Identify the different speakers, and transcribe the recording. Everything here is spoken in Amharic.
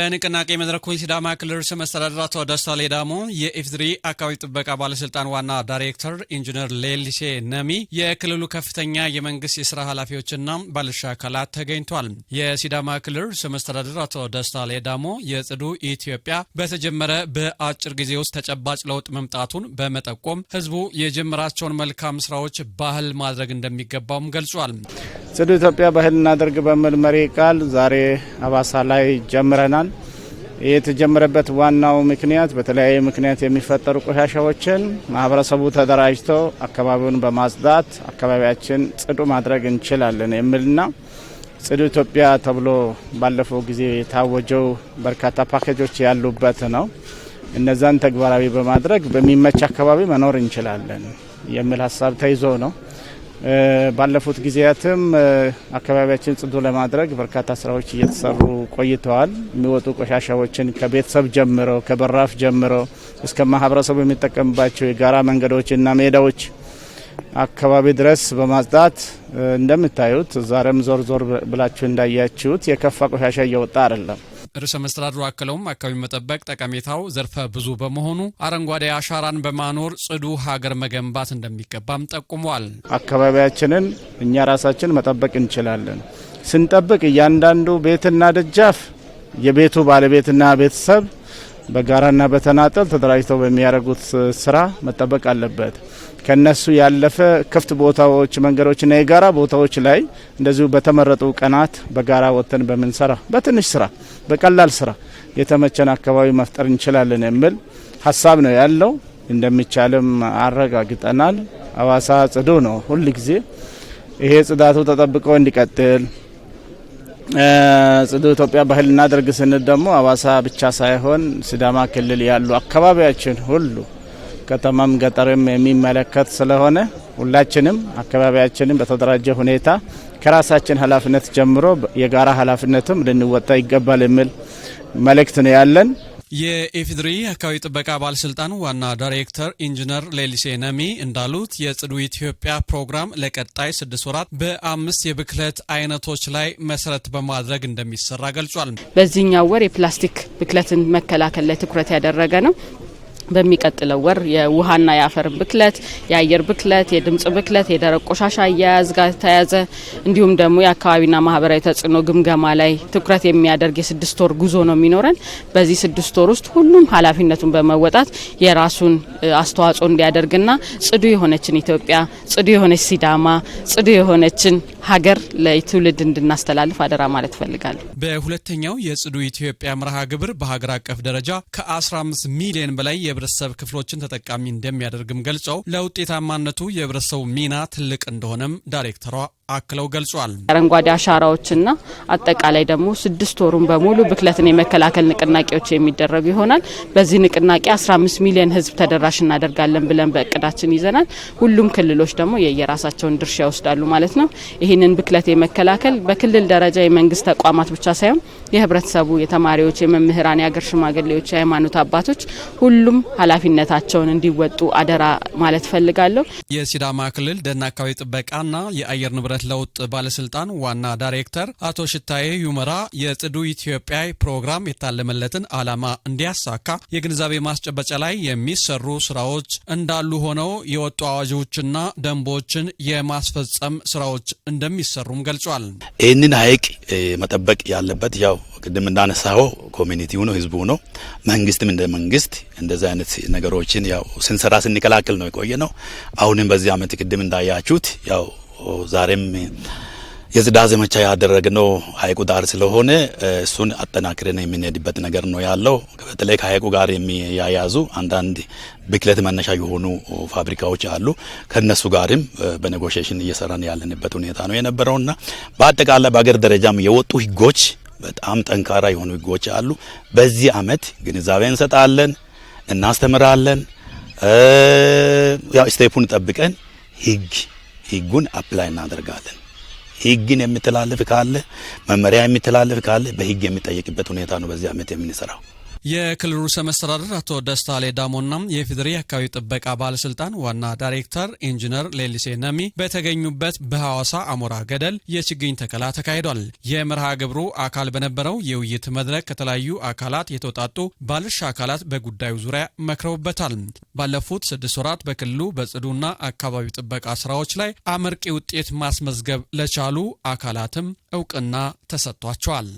Speaker 1: በንቅናቄ መድረኩ ሲዳማ ክልል ርዕሰ መስተዳድር አቶ ደስታ ሌዳሞ፣ የኢፍድሪ አካባቢ ጥበቃ ባለስልጣን ዋና ዳይሬክተር ኢንጂነር ሌሊሴ ነሚ፣ የክልሉ ከፍተኛ የመንግስት የስራ ኃላፊዎችና ባለድርሻ አካላት ተገኝቷል። የሲዳማ ክልል ርዕሰ መስተዳድር አቶ ደስታ ሌዳሞ የጽዱ ኢትዮጵያ በተጀመረ በአጭር ጊዜ ውስጥ ተጨባጭ ለውጥ መምጣቱን በመጠቆም ህዝቡ የጀመራቸውን መልካም ስራዎች ባህል ማድረግ እንደሚገባውም ገልጿል።
Speaker 2: ጽዱ ኢትዮጵያ ባህል እናደርግ በሚል መሪ ቃል ዛሬ አባሳ ላይ ጀምረናል። የተጀመረበት ዋናው ምክንያት በተለያየ ምክንያት የሚፈጠሩ ቆሻሻዎችን ማህበረሰቡ ተደራጅቶ አካባቢውን በማጽዳት አካባቢያችን ጽዱ ማድረግ እንችላለን የሚልና ጽዱ ኢትዮጵያ ተብሎ ባለፈው ጊዜ የታወጀው በርካታ ፓኬጆች ያሉበት ነው። እነዛን ተግባራዊ በማድረግ በሚመች አካባቢ መኖር እንችላለን የሚል ሀሳብ ተይዞ ነው። ባለፉት ጊዜያትም አካባቢያችን ጽዱ ለማድረግ በርካታ ስራዎች እየተሰሩ ቆይተዋል። የሚወጡ ቆሻሻዎችን ከቤተሰብ ጀምሮ ከበራፍ ጀምሮ እስከ ማህበረሰቡ የሚጠቀምባቸው የጋራ መንገዶች ሜዳዎች አካባቢ ድረስ በማጽዳት እንደምታዩት ዛሬም ዞር ዞር ብላችሁ እንዳያችሁት የከፋ ቆሻሻ እየወጣ አይደለም።
Speaker 1: ርዕሰ መስተዳድሩ አክለውም አካባቢ መጠበቅ ጠቀሜታው ዘርፈ ብዙ በመሆኑ አረንጓዴ አሻራን በማኖር ጽዱ ሀገር መገንባት እንደሚገባም ጠቁሟል።
Speaker 2: አካባቢያችንን እኛ ራሳችን መጠበቅ እንችላለን። ስንጠብቅ እያንዳንዱ ቤትና ደጃፍ የቤቱ ባለቤትና ቤተሰብ በጋራና በተናጠል ተደራጅተው በሚያደርጉት ስራ መጠበቅ አለበት። ከነሱ ያለፈ ክፍት ቦታዎች፣ መንገዶችና የጋራ ቦታዎች ላይ እንደዚሁ በተመረጡ ቀናት በጋራ ወጥተን በምንሰራ በትንሽ ስራ፣ በቀላል ስራ የተመቸን አካባቢ መፍጠር እንችላለን የሚል ሀሳብ ነው ያለው። እንደሚቻልም አረጋግጠናል። አዋሳ ጽዱ ነው ሁል ጊዜ። ይሄ ጽዳቱ ተጠብቆ እንዲቀጥል ጽዱ ኢትዮጵያ ባህል እናደርግ ስንል ደግሞ አዋሳ ብቻ ሳይሆን ሲዳማ ክልል ያሉ አካባቢያችን ሁሉ ከተማም ገጠርም የሚመለከት ስለሆነ ሁላችንም አካባቢያችንም በተደራጀ ሁኔታ ከራሳችን ኃላፊነት ጀምሮ የጋራ ኃላፊነትም ልንወጣ ይገባል የሚል መልእክት ነው ያለን።
Speaker 1: የኢፌዴሪ አካባቢ ጥበቃ ባለስልጣን ዋና ዳይሬክተር ኢንጂነር ሌሊሴ ነሚ እንዳሉት የጽዱ ኢትዮጵያ ፕሮግራም ለቀጣይ ስድስት ወራት በአምስት የብክለት አይነቶች ላይ መሰረት በማድረግ እንደሚሰራ ገልጿል።
Speaker 3: በዚህኛው ወር የፕላስቲክ ብክለትን መከላከል ላይ ትኩረት ያደረገ ነው። በሚቀጥለው ወር የውሃና የአፈር ብክለት፣ የአየር ብክለት፣ የድምጽ ብክለት፣ የደረቅ ቆሻሻ አያያዝ ጋር ተያያዘ እንዲሁም ደግሞ የአካባቢና ማህበራዊ ተጽዕኖ ግምገማ ላይ ትኩረት የሚያደርግ የስድስት ወር ጉዞ ነው የሚኖረን። በዚህ ስድስት ወር ውስጥ ሁሉም ኃላፊነቱን በመወጣት የራሱን አስተዋጽኦ እንዲያደርግና ጽዱ የሆነችን ኢትዮጵያ፣ ጽዱ የሆነች ሲዳማ፣ ጽዱ የሆነችን ሀገር ለትውልድ እንድናስተላልፍ አደራ ማለት እፈልጋለሁ።
Speaker 1: በሁለተኛው የጽዱ ኢትዮጵያ መርሃ ግብር በሀገር አቀፍ ደረጃ ከ15 ሚሊዮን በላይ የህብረተሰብ ክፍሎችን ተጠቃሚ እንደሚያደርግም ገልጸው ለውጤታማነቱ የህብረተሰቡ ሚና ትልቅ እንደሆነም ዳይሬክተሯ አክለው ገልጿል።
Speaker 3: አረንጓዴ አሻራዎችና አጠቃላይ ደግሞ ስድስት ወሩን በሙሉ ብክለትን የመከላከል ንቅናቄዎች የሚደረጉ ይሆናል። በዚህ ንቅናቄ 15 ሚሊዮን ህዝብ ተደራሽ እናደርጋለን ብለን በእቅዳችን ይዘናል። ሁሉም ክልሎች ደግሞ የየራሳቸውን ድርሻ ይወስዳሉ ማለት ነው። ይህንን ብክለት የመከላከል በክልል ደረጃ የመንግስት ተቋማት ብቻ ሳይሆን የህብረተሰቡ፣ የተማሪዎች፣ የመምህራን፣ የአገር ሽማግሌዎች፣ የሃይማኖት አባቶች ሁሉም ኃላፊነታቸውን እንዲወጡ አደራ ማለት ፈልጋለሁ።
Speaker 1: የሲዳማ ክልል ደን አካባቢ ጥበቃና የአየር ንብረት ስርዓት ለውጥ ባለስልጣን ዋና ዳይሬክተር አቶ ሽታዬ ዩመራ የጽዱ ኢትዮጵያ ፕሮግራም የታለመለትን ዓላማ እንዲያሳካ የግንዛቤ ማስጨበጫ ላይ የሚሰሩ ስራዎች እንዳሉ ሆነው የወጡ አዋጆችና ደንቦችን የማስፈጸም ስራዎች እንደሚሰሩም ገልጿል።
Speaker 4: ይህንን ሀይቅ መጠበቅ ያለበት ያው ቅድም እንዳነሳው ኮሚኒቲው ነው፣ ህዝቡ ነው። መንግስትም እንደ መንግስት እንደዚህ አይነት ነገሮችን ያው ስንሰራ ስንከላከል ነው የቆየ ነው። አሁንም በዚህ አመት ቅድም እንዳያችሁት ያው ዛሬም የጽዳት ዘመቻ ነው ሀይቁ ዳር ስለሆነ እሱን አጠናክረን የምንሄድበት ነገር ነው ያለው። በተለይ ከሀይቁ ጋር የሚያያዙ አንዳንድ ብክለት መነሻ የሆኑ ፋብሪካዎች አሉ። ከነሱ ጋርም በኔጎሽሽን እየሰራን ያለንበት ሁኔታ ነው የነበረውና በአጠቃላይ በሀገር ደረጃም የወጡ ህጎች በጣም ጠንካራ የሆኑ ህጎች አሉ። በዚህ አመት ግንዛቤ እንሰጣለን፣ እናስተምራለን። ያው ስቴፑን ጠብቀን ህግ ህጉን አፕላይ እናደርጋለን። ህግን የሚተላለፍ ካለ መመሪያ የሚተላለፍ ካለ በህግ የሚጠየቅበት ሁኔታ ነው በዚህ አመት የምንሰራው።
Speaker 1: የክልሉ ርዕሰ መስተዳድር አቶ ደስታ ሌዳሞና የፌዴሬ አካባቢ ጥበቃ ባለስልጣን ዋና ዳይሬክተር ኢንጂነር ሌሊሴ ነሚ በተገኙበት በሐዋሳ አሞራ ገደል የችግኝ ተከላ ተካሂዷል። የመርሃ ግብሩ አካል በነበረው የውይይት መድረክ ከተለያዩ አካላት የተውጣጡ ባለድርሻ አካላት በጉዳዩ ዙሪያ መክረውበታል። ባለፉት ስድስት ወራት በክልሉ በጽዱና አካባቢ ጥበቃ ስራዎች ላይ አመርቂ ውጤት ማስመዝገብ ለቻሉ አካላትም እውቅና ተሰጥቷቸዋል።